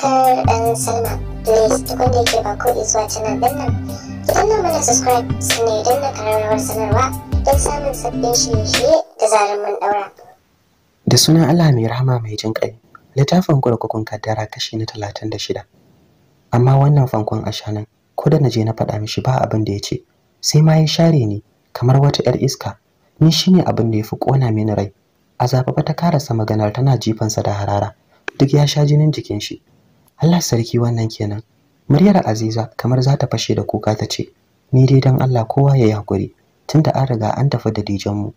subscribe and sign up. Please da ba ko subscribe sanarwa don samun da sunan Allah mai rahama mai jin ƙai, littafin kurkukun kaddara kashi na talatin da shida. Amma wannan fankon ashanan, ko da na je na faɗa mishi ba abin da ya ce, sai ma ya share ni kamar wata 'yar iska ni shine abin da ya fi kona mini rai azaba ta karasa maganar tana jifansa da harara duk ya sha jinin jikin shi Allah sarki wannan kenan muryar Aziza kamar za ta fashe da kuka ta ce ni dai dan Allah kowa ya yakuri tunda an riga an tafi da dijon mu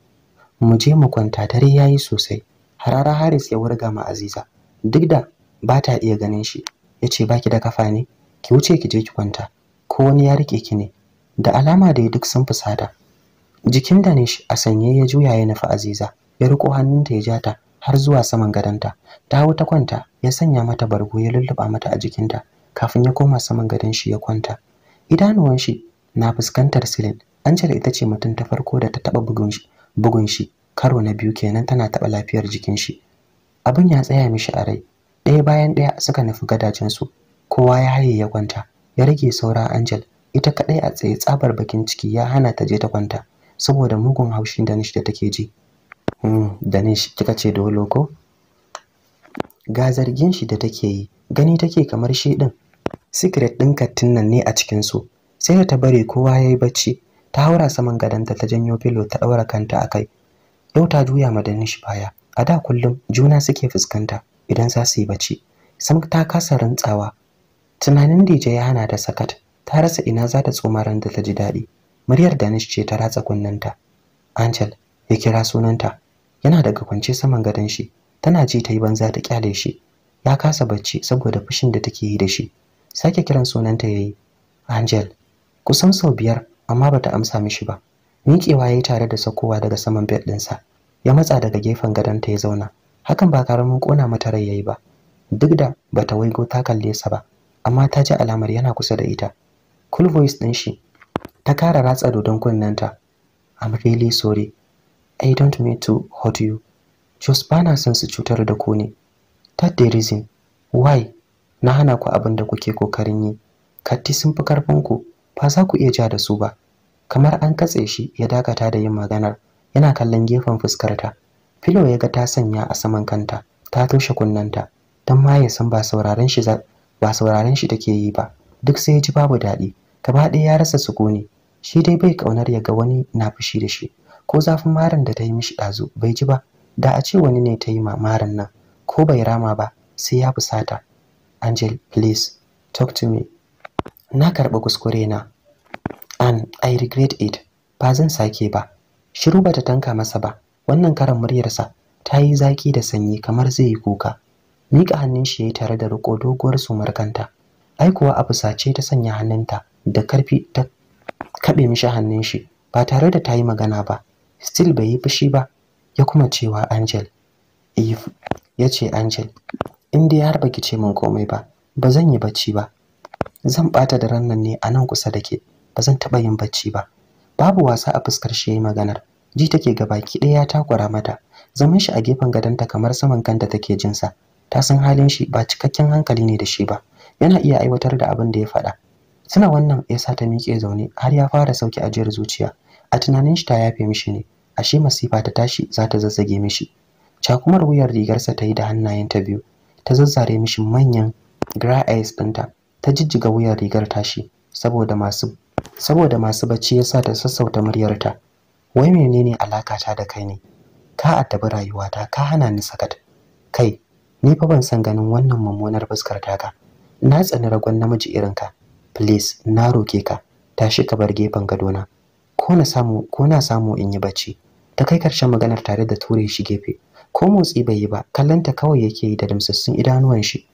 mu je mu kwanta dare yayi sosai harara Haris ya wurga ma Aziza duk da ba ta iya ganin shi ya yace baki da kafa ne ki wuce ki je ki kwanta ko wani ya rike ki ne da alama da duk sun fusata jikin Danish a sanye ya juya ya nufi Aziza ya riko hannunta ya ja ta har zuwa saman gadonta ta wuta ta kwanta ya sanya mata bargo ya lulluba mata a jikinta kafin ya koma saman gadon shi ya kwanta idanuwan shi na fuskantar silin An cire ita ce mutum ta farko da ta taba bugun shi bugun shi karo na biyu kenan tana taba lafiyar jikin shi abun ya tsaya mishi a rai ɗaya bayan ɗaya suka nufi gadajen su kowa ya haye ya kwanta ya rage saura Angel ita kadai a tsaye tsabar bakin ciki ya hana ta je ta kwanta saboda mugun haushin da nishi da take ji Hmm, kika ce dolo ko? Ga zargin shi da take yi, gani take kamar shi din. Secret din kattin nan ne a cikin su. Sai da ta bare kowa yayi bacci, ta haura saman gadanta ta janyo filo ta daura kanta akai. Yau ta juya ma Danish baya. A da kullum juna suke fuskanta idan za su yi bacci. Sam ta kasa rantsawa. Tunanin DJ ya hana da sakat. Ta rasa ina za ta tsoma ran da ta ji daɗi. Muryar Danish ce ta ratsa kunnanta. Angel ya kira sunanta. yana daga kwance saman gadon shi tana ji ta yi banza ta kyale shi ya kasa bacci saboda fushin da take yi da shi sake kiran sunanta yayi Angel kusan sau biyar amma bata amsa mishi ba miƙewa yayi tare da sakowa daga saman bed ɗinsa ya matsa daga gefen gadonta ya zauna hakan ba karamin kona mata rai yayi ba duk da bata waigo ta kalle sa ba amma ta ji alamar yana kusa da ita cool voice din shi ta kara ratsa dodon kunnenta I'm really sorry I don't mean to hurt you. Just bana son su cutar da ku ne. That the reason why na hana ku abin da kuke kokarin yi. Katti sun fi karfin ku, ba za ku iya ja da su ba. Kamar an katse shi ya dakata da yin maganar, yana kallon gefen fuskarta. Filo ya ga ta sanya a saman kanta, ta toshe kunnanta, don ma ya san ba sauraron shi ba sauraron shi take yi ba. Duk sai ya ji babu daɗi, gaba ɗaya ya rasa sukuni. Shi dai bai ƙaunar ya ga wani na fushi da shi. ko zafin marin da ta yi mishi ɗazu bai ji ba da a ce wani ne ta yi marin nan ko bai rama ba sai ya fusata angel please talk to me na karɓi kuskure na and i regret it ba zan sake ba shiru ba ta tanka masa ba wannan karan muryarsa ta yi zaki da sanyi kamar zai yi kuka miƙa hannun shi ya yi tare da riko doguwar sumarkanta ai kuwa a fusace ta sanya hannunta da karfi ta kaɓe mishi hannun shi ba tare da ta yi magana ba still bai yi fushi ba ya kuma cewa Angel Eve ya ce Angel inda ya harba baki ce min komai ba ba zan yi bacci ba zan bata da rannan ne a nan kusa da ke ba zan taba yin bacci ba babu wasa a fuskar shi yayi maganar ji take gabaki daya ta kwara mata zaman shi a gefen gadonta kamar saman kanta take jinsa ta san halin shi ba cikakken hankali ne da shi ba yana iya aiwatar da abin da ya faɗa suna wannan yasa ta miƙe zaune har ya fara sauki ajiyar zuciya a tunanin shi ta yafe mishi ne ashe masifa ta tashi za ta zazzage mishi cakumar wuyar rigarsa ta yi da hannayen ta biyu ta zazzare mishi manyan gra eyes ɗinta ta jijjiga wuyar rigar tashi saboda masu saboda masu bacci yasa ta sassauta muryarta wai menene alakata da kai ne ka addabi rayuwata ka hana ni sakat kai ni fa ban san ganin wannan mummunar fuskar taka na tsani ragon namiji irinka. ka please na roke ka tashi ka bar gefen gadona ko na samu ko na samu in yi bacci ta kai karshen maganar tare da ture shi gefe ko motsi bai yi ba kallanta kawai yake yi da damsassun idanuwan shi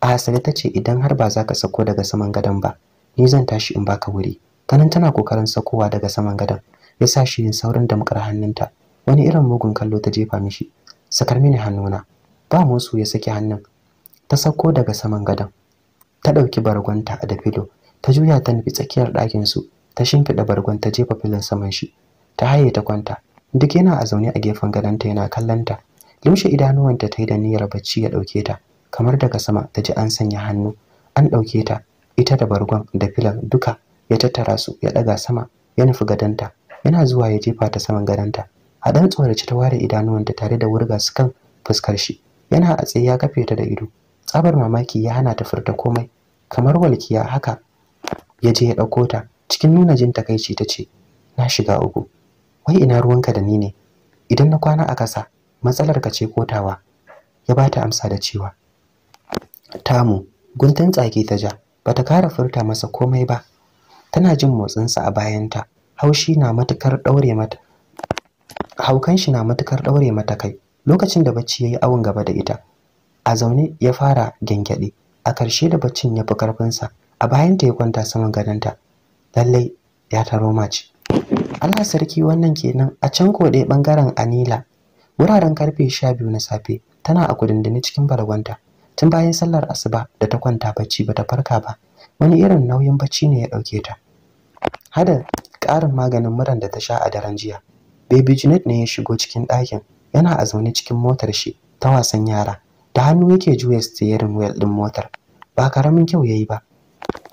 a hasali ta ce idan har ba za ka sako daga saman gadon ba ni zan tashi in baka wuri tanan tana kokarin sakowa daga saman gadon ya sa shi yin saurin damkar hannunta wani irin mugun kallo ta jefa mishi sakar mini hannuna ba musu ya saki hannun ta sako daga saman gadon ta ɗauki bargonta da filo ta juya ta nufi tsakiyar ɗakin su ta shimfiɗa bargon ta jefa filin saman shi ta haye ta kwanta duk yana a zaune a gefen gadonta yana kallon ta lumshe idanuwanta ta yi da niyyar bacci ya ɗauke ta kamar daga sama ta ji an sanya hannu an ɗauke ta ita da bargon da filan duka ya tattara su ya ɗaga sama ya nufi gadonta yana zuwa ya jefa ta saman gadonta a ɗan tsoraci ta ware idanuwanta tare da wurga su kan fuskar shi yana a tsaye ya kafe ta da ido tsabar mamaki ya hana ta furta komai kamar walkiya haka ya je ya ɗauko ta cikin nuna jin takaici ta ce na shiga uku wai ina ruwanka da ni ne idan na kwana a kasa matsalar ka ce kotawa ya ba ta amsa da cewa tamu guntun tsaki ta ja bata kara furta masa komai ba tana jin motsinsa a bayanta haushi na matukar daure mata haukan shi na matukar daure mata kai lokacin da bacci yayi awon gaba da ita a zaune ya fara gyangyaɗe, a karshe da baccin ya fi karfinsa a bayanta ya kwanta saman gadonta lallai ya taro mace Allah sarki wannan kenan a can koɗe ɓangaren Anila wuraren karfe biyu na safe tana a kudindini cikin balagwanta tun bayan sallar asuba da ta kwanta bacci bata farka ba wani irin nauyin bacci ne ya ɗauke ta hada ƙarin maganin muran da ta sha a daren jiya baby Janet ne ya shigo cikin ɗakin yana a zaune cikin motar shi ta wasan yara da hannu yake juya steering wheel din motar ba karamin kyau yayi ba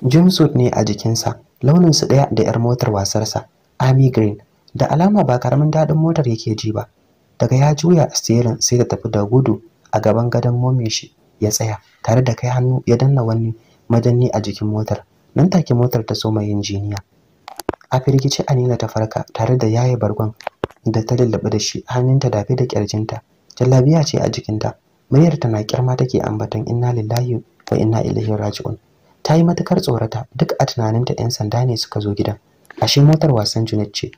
jumpsuit ne a jikinsa launinsu ɗaya da 'yar motar wasarsa army green da alama ba karamin daɗin motar yake ji ba daga ya juya steering sai ta tafi da gudu a gaban gadon momin shi ya tsaya tare da kai hannu ya danna wani madanni a jikin motar nan take motar ta soma ma injiniya. a firgice anila ta farka tare da yaye bargon da ta lulluɓe da shi hannunta dafe da kirjinta jallabiya ce a jikinta muryar na kirma take ambaton inna lillahi wa inna ilaihi raji'un ta yi matukar tsorata duk a tunaninta 'yan sanda ne suka zo gidan ashe motar wasan junet ce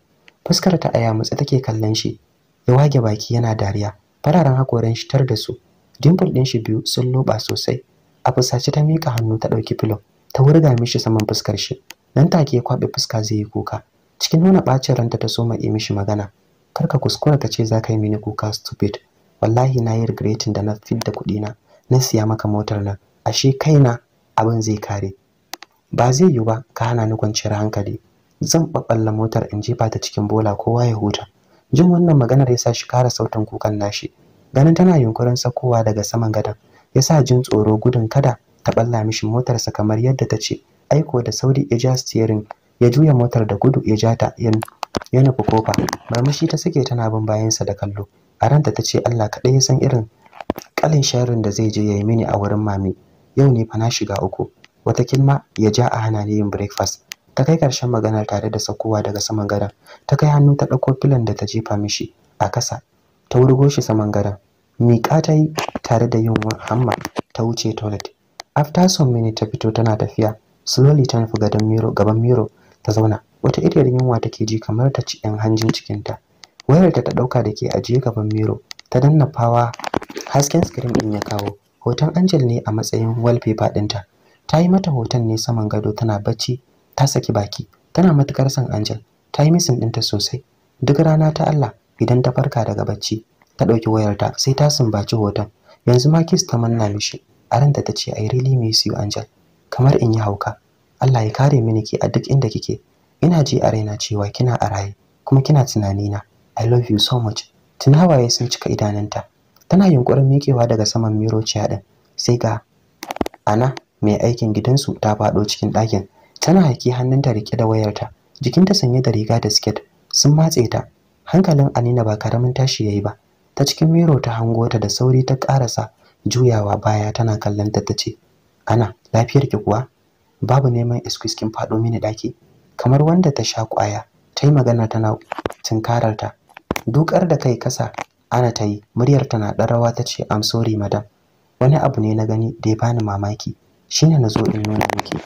fuskar ta a yamutse take kallon shi ya wage baki yana dariya fararen hakoran shi tar da su dimple ɗin shi biyu sun loba sosai a fusace ta mika hannu ta ɗauki filo ta wurga mishi saman fuskar shi nan take ya kwabe fuska zai yi kuka cikin nuna ɓacin ranta ta soma yi mishi magana Kar ka kuskura ka ce za ka yi mini kuka stupid wallahi na yi regretin da na fit da kuɗi na na siya maka motar nan ashe kaina abin zai kare ba zai yi ba ka hana ni kwanciyar hankali zan ɓaɓɓalla motar in jefa ta cikin bola kowa ya huta jin wannan maganar ya sa shi kara sautin kukan nashi ganin tana yunkurin sakowa daga saman gadon ya sa jin tsoro gudun kada ta ɓalla mishi motarsa kamar yadda ta ce aiko da sauri ya ja steering ya juya motar da gudu ya ja ta ya nufi kofa marmashi ta sake tana bin bayansa da kallo a ranta ta ce allah kaɗai ya san irin ƙalin sharin da zai je ya yi mini a wurin mami yau ne fa na shiga uku kilma ya ja a hana ni yin breakfast ta kai karshen maganar tare da sakowa daga saman gadon ta kai hannu ta ɗauko filan da ta jefa mishi a ƙasa ta wurgo shi saman gadon miƙa ta yi tare da yin hamma ta wuce toilet after some minutes ta fito tana tafiya slowly ta nufi gadon miro gaban miro ta zauna wata iriyar yunwa take ji kamar ta ci 'yan hanjin cikinta wayar ta ta ɗauka da ke ajiye gaban miro ta danna fawa hasken screen ɗin ya kawo hoton Angel ne a matsayin wallpaper ɗinta. Ta yi mata hoton ne saman gado tana bacci, ta saki baki, tana matukar son Angel, ta yi misin ɗinta sosai. Duk rana ta Allah idan ta farka daga bacci, ta ɗauki wayarta sai ta sumbaci hoton. Yanzu ma kiss ta manna mishi, a ranta ta ce I really miss you Angel, kamar in yi hauka. Allah ya kare mini ki a duk inda kike. Ina ji a raina cewa kina a raye, kuma kina tunanina. I love you so much. Tunawaye sun cika idananta. tana yunkurin miƙewa daga saman miro ciya sai ga ana mai aikin gidansu ta faɗo cikin ɗakin tana haƙi hannunta rike da wayarta jikinta sanye da riga da siket sun matse ta hankalin anina ba karamin tashi yayi ba ta cikin miro ta hango ta da sauri ta karasa juyawa baya tana kallon ta tace ana lafiyarki kuwa babu neman excuse kin faɗo mini ɗaki. kamar wanda ta sha kwaya ta yi magana tana tunkarar ta dukar da kai kasa Ana ta yi, muryar ta na ɗan rawa tace ce, "I'm sorry madam. Wani abu ne na gani da ya bani mamaki, shine na zo in nuna miki."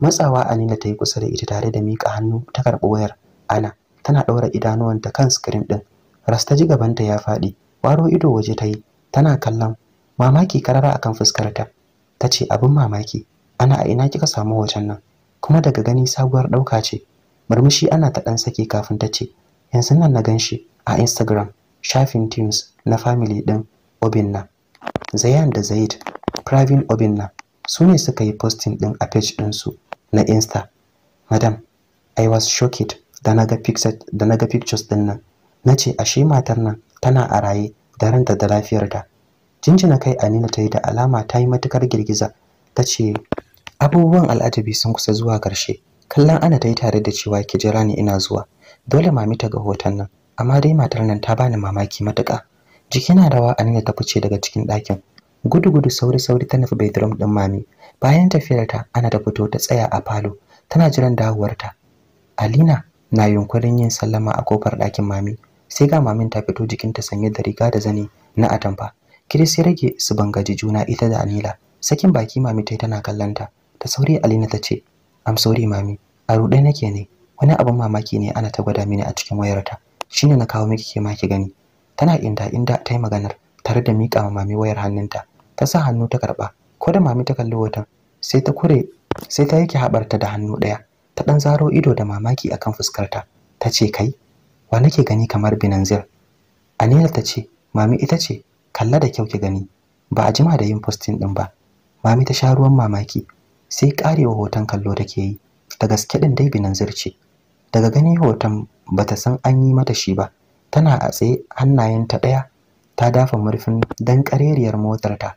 Matsawa Anila ta yi kusa da ita tare da mika hannu ta karɓi wayar. Ana tana ɗaura idanuwanta kan screen ɗin. Rasta ji gabanta ya faɗi, waro ido waje ta yi, tana kallon mamaki karara akan fuskarta. Ta ce, "Abin mamaki, ana a ina kika samu wajen nan?" Kuma daga gani sabuwar ɗauka ce. Murmushi ana ta ɗan sake kafin ta ce, "Yanzu nan na gan shi a Instagram." shafin teams na family din Obinna. Zayan da Zaid, private Obinna su ne suka yi posting din a page ɗinsu na Insta. Madam, I was shocked da naga na ga pictures din nan. Na ashe matar nan tana a raye da ranta da lafiyarta. Jinjina kai anina ta yi da alama ta yi matukar girgiza ta ce abubuwan al'ajabi sun kusa zuwa karshe Kallon Ana tayi tare da cewa ki jira ni ina zuwa. Dole mami ta ga hoton nan. amma dai matar nan ta bani mamaki matuƙa jiki na rawa Anina ta fice daga cikin ɗakin gudu-gudu sauri-sauri ta nufi bedroom ɗin mami bayan tafiyarta ana ta fito ta tsaya a falo tana jiran dawowarta Alina na yunkurin yin sallama a kofar ɗakin mami sai ga mamin ta fito jikinta sanye da riga da zani na atamfa Chris ya rage su bangaji juna ita da Anila sakin baki mami yi tana kallanta ta sauri Alina ta ce am sauri mami a ruɗe nake ne wani abin mamaki ne ana ta gwada mini a cikin wayarta ne na kawo miki ke ma ki gani tana inda inda ta yi maganar tare da miƙa ma mami wayar hannunta ta sa hannu ta karɓa ko da mami ta kalli wutan sai ta kure sai ta yake haɓarta da hannu ɗaya ta ɗan zaro ido da mamaki akan fuskarta ta ce kai wa nake gani kamar binanzir anila ta ce mami ita ce kalla da kyau ki gani ba a jima da yin postin ɗin ba mami ta sha ruwan mamaki sai karewa hoton kallo take yi da gaske ɗin dai binanzir ce daga gani hoton bata san an yi mata shi ba tana a tsaye hannayenta ɗaya ta dafa murfin dan ƙareriyar motar ta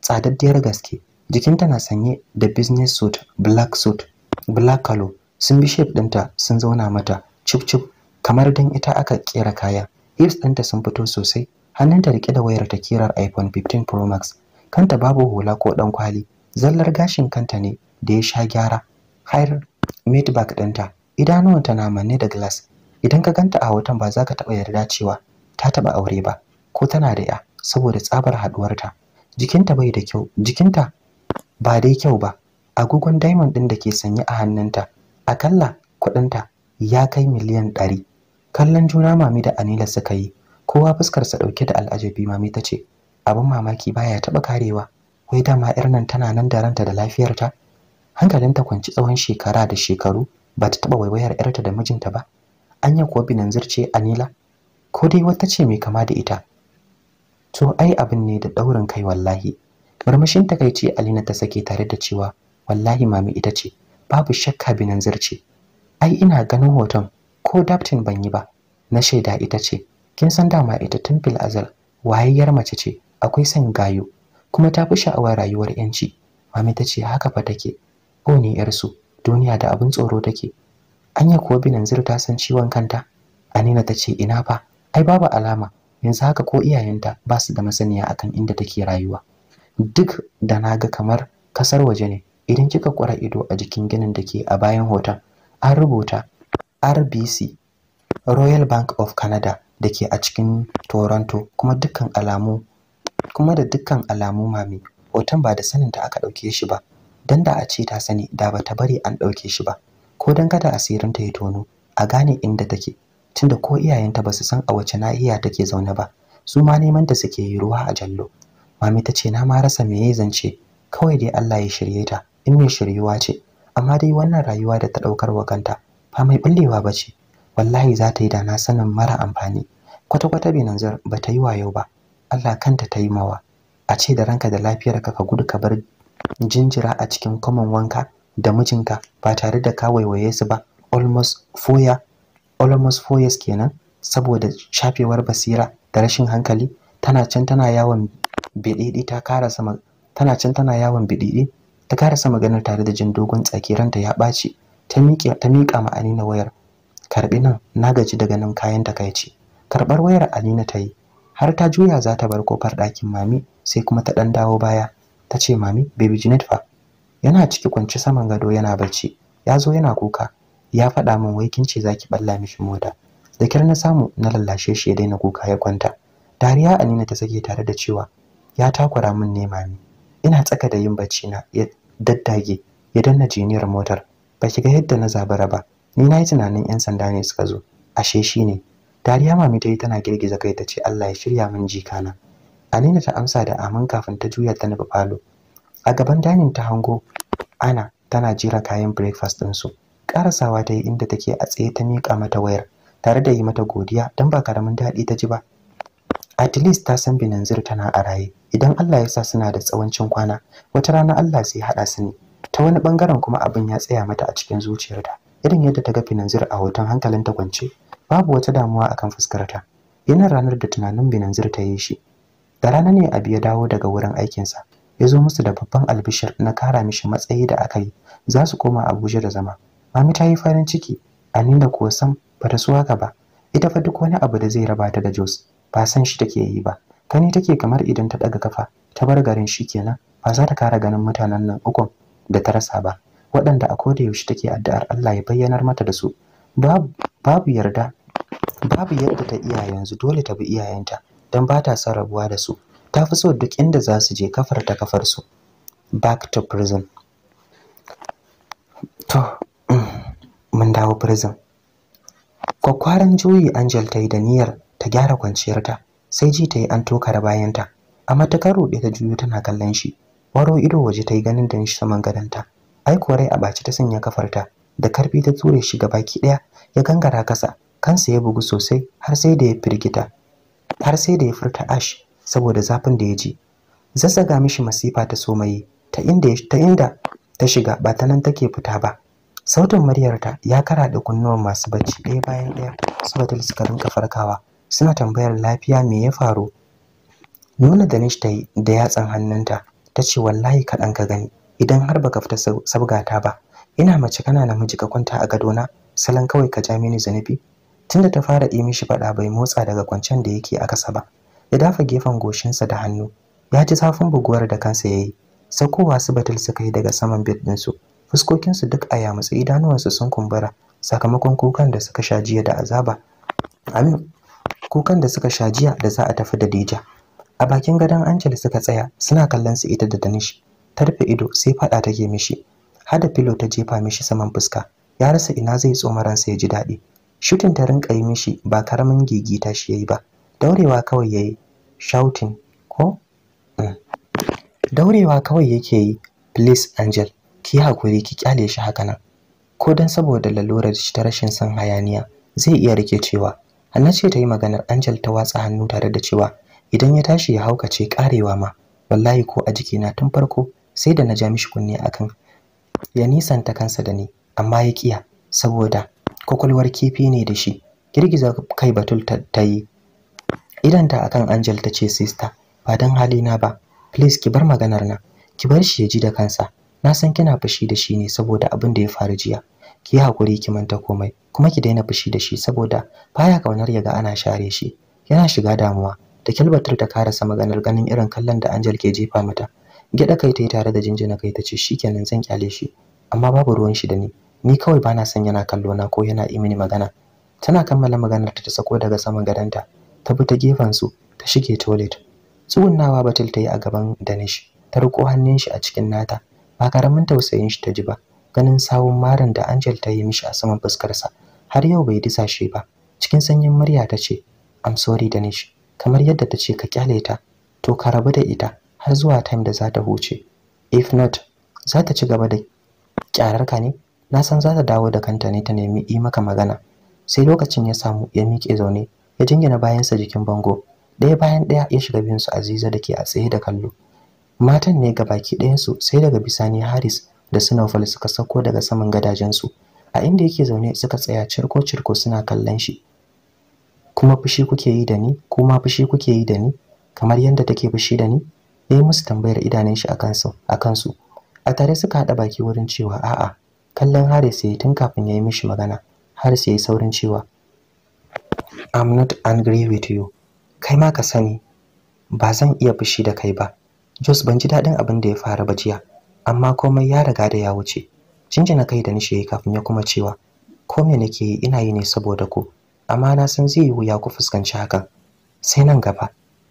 tsadaddiyar gaske jikinta na sanye da business suit black suit black color sun bi shape ɗinta sun zauna mata cip cip kamar dan ita aka kera kaya hips ɗinta sun fito sosai hannunta rike da wayar ta kirar iphone 15 pro max kanta babu hula ko ɗan kwali zallar gashin kanta ne da ya sha gyara har mid back ɗinta idanuwanta na manne da glass idan ka ganta a hoton ba za ka taɓa yarda cewa ta taɓa aure ba ko tana da ya saboda tsabar haɗuwarta jikinta bai da kyau jikinta ba dai kyau ba agogon diamond ɗin da ke sanye a hannunta akalla kuɗinta ya kai miliyan ɗari kallon juna mami da anila suka yi kowa fuskarsa ɗauke da al'ajabi mami ta ce abin mamaki baya taɓa karewa wai dama 'yar nan tana nan da ranta da lafiyarta hankalinta kwanci tsawon shekara da shekaru ba ta taɓa waiwayar 'yarta da mijinta ba anya kuwa binanzir ce anila ko dai wata ce mai kama da ita to ai abin ne da daurin kai wallahi murmushin takaici alina ta sake tare da cewa wallahi mami ita ce babu shakka binanzir ce ai ina ganin hoton ko daftin ban yi ba na shaida ita ce kin san dama ita tun fil azal Waye yar mace ce akwai san gayo kuma ta fi sha'awar rayuwar yanci mami ta ce haka fa take ko ne su. duniya da abin tsoro take anya kuwa binanzir ta san ciwon kanta anina ta ce ina fa ai babu alama yanzu haka ko iyayenta ba su da masaniya akan inda take rayuwa duk da naga kamar kasar waje ne idan kika kwara ido a jikin ginin da ke a bayan hoton an rubuta rbc royal bank of canada da ke a cikin toronto kuma dukkan alamu kuma da dukkan alamu mami hoton ba da saninta aka ɗauke shi ba dan da a ce ta sani da bata bari an ɗauke shi ba ko dan kada asirin ta ya tono a gane inda take tunda ko iyayenta ba su san a wace nahiya take zaune ba su ma neman ta suke yi ruwa a jallo mami ta ce na ma rasa me yayi zance kawai dai Allah ya shirye ta in mai shiryuwa ce amma dai wannan rayuwa da ta daukar wa kanta ba mai bullewa ba ce wallahi za ta yi da na sanin mara amfani kwata kwata zar ba ta yi wayo ba Allah kanta ta yi mawa a ce da ranka da lafiyarka ka gudu ka bar jinjira a cikin kwamon wanka da mijinka ba tare da ka waiwaye su ba almost four years almost four kenan saboda shafewar basira da rashin hankali tana can tana yawon bididi ta sama tana can tana yawon bididi ta sama maganar tare da jin dogon tsakiranta ya ɓaci ta miƙe ta miƙa ma Alina wayar karbi nan na gaji daga nan kayan ta takaici karɓar wayar Alina ta yi har ta juya za ta bar kofar ɗakin mami sai kuma ta ɗan dawo baya ta ce mami baby Janet fa yana ciki kwance saman gado yana bacci ya zo yana kuka ya faɗa min wai kin ce zaki balla mishi mota da kyar na samu na lallashe shi ya daina kuka ya kwanta dariya Anina ta sake tare da cewa ya takura min ne mami ina tsaka da yin bacci na ya daddage ya danna jiniyar motar ba ki ga yadda na zabara ba ni na yi tunanin yan sanda ne suka zo ashe shi ne dariya mami ta yi tana girgiza kai ta ce Allah ya shirya min jikana Alina ta amsa da amin kafin ta juya ta nufi falo. A gaban danin ta hango Ana tana jira kayan breakfast din su. Karasawa ta yi inda take a tsaye ta miƙa mata wayar tare da yi mata godiya dan ba karamin daɗi ta ji ba. At least ta san Binanzir tana a raye. Idan Allah ya sa suna da tsawancin kwana, wata rana Allah sai haɗa su ne. Ta wani bangaren kuma abin ya tsaya mata a cikin zuciyarta. Irin yadda ta ga Binanzir a hoton hankalin ta kwance, babu wata damuwa akan fuskarta. Yana ranar da tunanin Binanzir ta yi shi, da rana ne abi ya dawo daga wurin aikinsa ya zo musu da babban albishir na kara mishi matsayi da aka yi za su koma abuja da zama mami ta yi farin ciki aninda kuwa sam ba ta suwa haka ba ita fa duk wani abu da zai raba ta da jos ba san shi take yi ba kani take kamar idan ta daga kafa ta bar garin shi kenan ba za ta kara ganin mutanen nan ukun da ta rasa ba waɗanda a koda yaushe take addu'ar Allah ya bayyanar mata da su babu yarda babu yadda ta iya yanzu dole ta bi iyayenta don ba ta son rabuwa da su ta fi so duk inda za su je kafar ta kafar su back to prison to mun dawo prison kwakwaran juyi angel ta yi da niyyar ta gyara kwanciyar ta sai ji ta yi an tokar bayanta a matakar ruɗe ta juyo tana kallon shi waro ido waje ta yi ganin da shi saman ta. ai korai a baci ta sanya kafarta da karfi ta ture shi gaba ki ɗaya ya gangara kasa kansa ya bugu sosai har sai da ya firgita har sai da ya furta ash saboda zafin da ya ji zazzaga mishi masifa ta somayi ta inda ta inda ta shiga ba ta nan take fita ba sautin muryarta ya kara da kunnuwan masu bacci ɗaya bayan ɗaya subatul suka rinka farkawa suna tambayar lafiya me ya faru nuna da ta yi da yatsan hannunta ta ce wallahi kaɗan ka gani idan har baka fita sabgata ba ina mace kana namiji ka kwanta a gadona salon kawai ka ja mini zanubi tunda ta fara yi mishi faɗa bai motsa daga kwancen da yake a kasa ba ya dafa gefen goshinsa da hannu ya ji zafin buguwar da kansa ya yi saukowa su batul suka yi daga saman bed ɗinsu fuskokinsu duk a yamutse idanuwansu sun kumbura sakamakon kukan da suka sha jiya da azaba amin kukan da suka sha jiya da za a tafi da dija. a bakin gadon angel suka tsaya suna kallon su ita da danish ta rufe ido sai faɗa take mishi hada filo ta jefa mishi saman fuska ya rasa ina zai tsoma ransa ya ji daɗi shooting ta rinka yi mishi ba karamin gigita shi yayi ba. Daurewa kawai yayi shouting ko? Mm. Daurewa kawai yake yi please Angel ki hakuri ki kyale shi haka nan. Ko dan saboda lalurar shi ta rashin son hayaniya zai iya rike cewa na ce ta yi maganar Angel ta watsa hannu tare da cewa idan ya tashi ya haukace karewa ma wallahi ko a jikina tun farko sai da na ja mishi kunne akan ya nisanta kansa da ni amma ya kiya saboda kwakwalwar kifi ne da shi girgiza kai batul ta yi idanta akan angel ta ce sista ba don halina ba please ki bar maganar na ki bar shi ya ji da kansa na san kina fushi da shi ne saboda abin da ya faru jiya ki yi hakuri ki manta komai kuma ki daina fushi da shi saboda baya kaunar ya ga ana share shi yana shiga damuwa da kilbatul ta karasa maganar ganin irin kallon da Angel ke jefa mata. Gyaɗa kai ta yi tare da jinjina kai ta ce shi shikenan zan kyale shi amma babu ruwan shi da ni ni kawai bana son yana kallo na ko yana yi mini magana tana kammala maganar ta sako daga saman gadanta ta bi ta gefen su ta shige toilet tsugunnawa batul ta yi a gaban danish ta riko hannun shi a cikin nata ba karamin tausayin shi ta ji ba ganin sawun marin da angel ta yi mishi a saman fuskarsa har yau bai disa shi ba cikin sanyin murya ta ce i'm sorry danish kamar yadda ta ce ka kyale ta to ka rabu da ita har zuwa time da za ta huce if not za ta ci gaba da kyararka ne na san za ta dawo da kanta ne ta nemi yi maka magana sai lokacin ya samu ya miƙe zaune ya jingina bayansa jikin bango ɗaya bayan ɗaya ya shiga su aziza da ke a tsaye da kallo matan ne ga baki ɗayansu sai daga bisani haris da sinofal suka sauko daga saman gadajensu a inda yake zaune suka tsaya cirko-cirko suna kallon shi kuma fushi kuke yi da ni kuma fushi kuke yi da ni kamar yadda take fushi da ni ya yi musu tambayar idanun shi a kansu a tare suka haɗa baki wurin cewa a'a kallon Haris yayi tun kafin ya yi mishi magana Haris yayi saurin cewa I'm not angry with you kai ma ka sani ba zan iya fushi da kai ba Jos ban ji daɗin abin da ya faru ba jiya amma komai ya riga da ya wuce jinjina kai da nishi yayi kafin ya kuma cewa komai nake yi ina yi ne saboda ku amma na san zai yi wuya ku fuskanci hakan sai nan gaba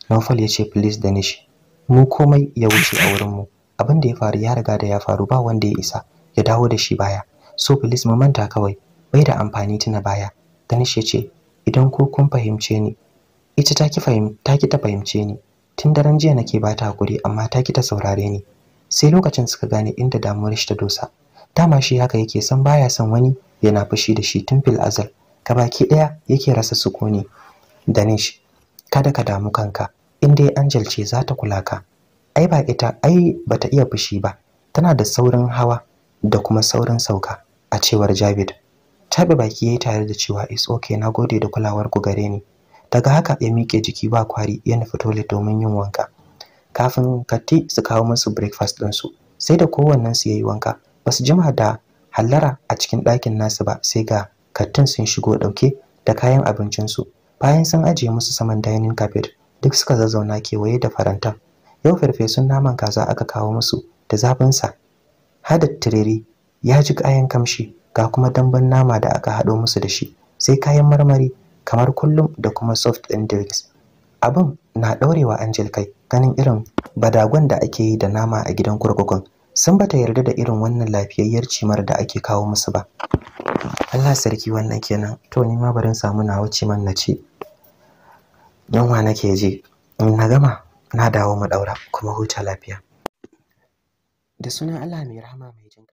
Naufal ya ce please da nishi mu komai ya wuce a wurinmu abin da ya faru ya riga da ya faru ba wanda ya isa ya dawo da shi baya so please mu manta kawai bai da amfani tuna baya Danish ya ce idan ko kun fahimce ni ita ta ki ta ta fahimce ni tun daren jiya nake ba ta hakuri amma ta ki ta saurare ni sai lokacin suka gane inda damuwar shi ta dosa dama shi haka yake san baya son wani yana fushi da shi tun fil azal Ka baki daya yake rasa sukuni Danish kada ka damu kanka in dai Angel ce za ta kula ka ai ba ita ai bata iya fushi ba tana da saurin hawa da kuma saurin sauka a cewar Javid taɓa baki yayi tare da cewa it's okay gode da kulawar ku gare ni daga haka ya miƙe jiki ba kwari ya nufi toilet domin yin wanka kafin katti su kawo musu breakfast din su sai da kowannen su yayi wanka basu jima da hallara a cikin ɗakin nasu ba sai ga kattin sun shigo ɗauke da kayan abincin su bayan sun ajiye musu saman dining carpet duk suka zazzauna kewaye da farantan yau farfesun naman kaza aka kawo musu da zafin sa hada tireri, ya ji kayan kamshi ga kuma damben nama da aka haɗo musu da shi sai kayan marmari kamar kullum da kuma soft ɗin drinks abin na ɗaurewa angel kai ganin irin badagon da ake yi da nama a gidan kurkukun sun bata yarda da irin wannan lafiyayyar cimar da ake kawo musu ba Allah sarki wannan kenan to ni ma barin samu nawa ciman na ci yanwa nake ji na gama na dawo mu daura kuma huta lafiya da sunan Allah mai rahama mai jin ƙai